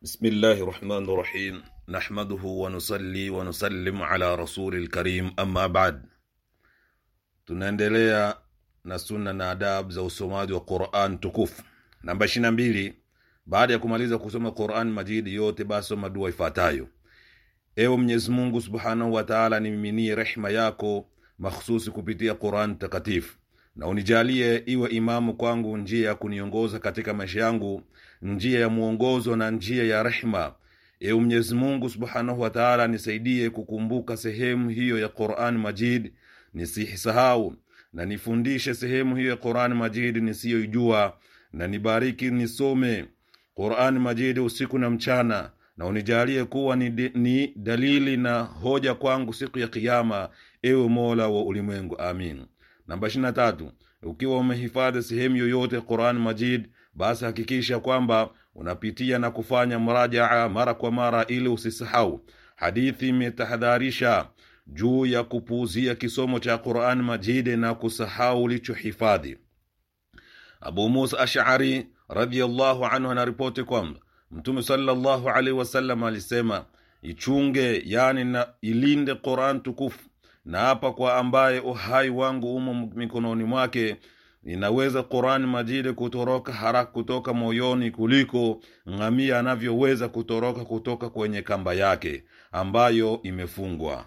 بسم الله الرحمن الرحيم نحمده ونصلي ونسلم على rasuli lkarim amma بعد tunaendelea na sunna na سماد za usomaji wa quran tukufu namba ishiri كسوم mbili baada ya kumaliza kusoma quran majidi yote basi soma ewe mwenyezi mungu subhanahu wataala nimiminie rehma yako makhususi kupitia quran takatifu na unijalie iwe imamu kwangu, njia ya kuniongoza katika maisha yangu, njia ya mwongozo na njia ya rehma. Ewe Mwenyezi Mungu subhanahu wataala nisaidie kukumbuka sehemu hiyo ya Qurani Majid nisihisahau na nifundishe sehemu hiyo ya Qurani Majid nisiyoijua, na nibariki nisome Qurani Majid usiku na mchana na unijalie kuwa ni, de, ni dalili na hoja kwangu siku ya Kiyama, ewe Mola wa ulimwengu, amin. Namba 23, ukiwa umehifadhi sehemu yoyote Quran Majid, basi hakikisha kwamba unapitia na kufanya mrajaa mara kwa mara ili usisahau. Hadithi imetahadharisha juu ya kupuuzia kisomo cha Quran Majid na kusahau ulichohifadhi. Abu Musa Ash'ari radhiyallahu anhu anaripoti kwamba Mtume sallallahu alaihi wasallam alisema, ichunge yani na ilinde Quran tukufu naapa kwa ambaye uhai wangu umo mikononi mwake inaweza Qurani Majidi kutoroka haraka kutoka moyoni kuliko ngamia anavyoweza kutoroka kutoka kwenye kamba yake ambayo imefungwa.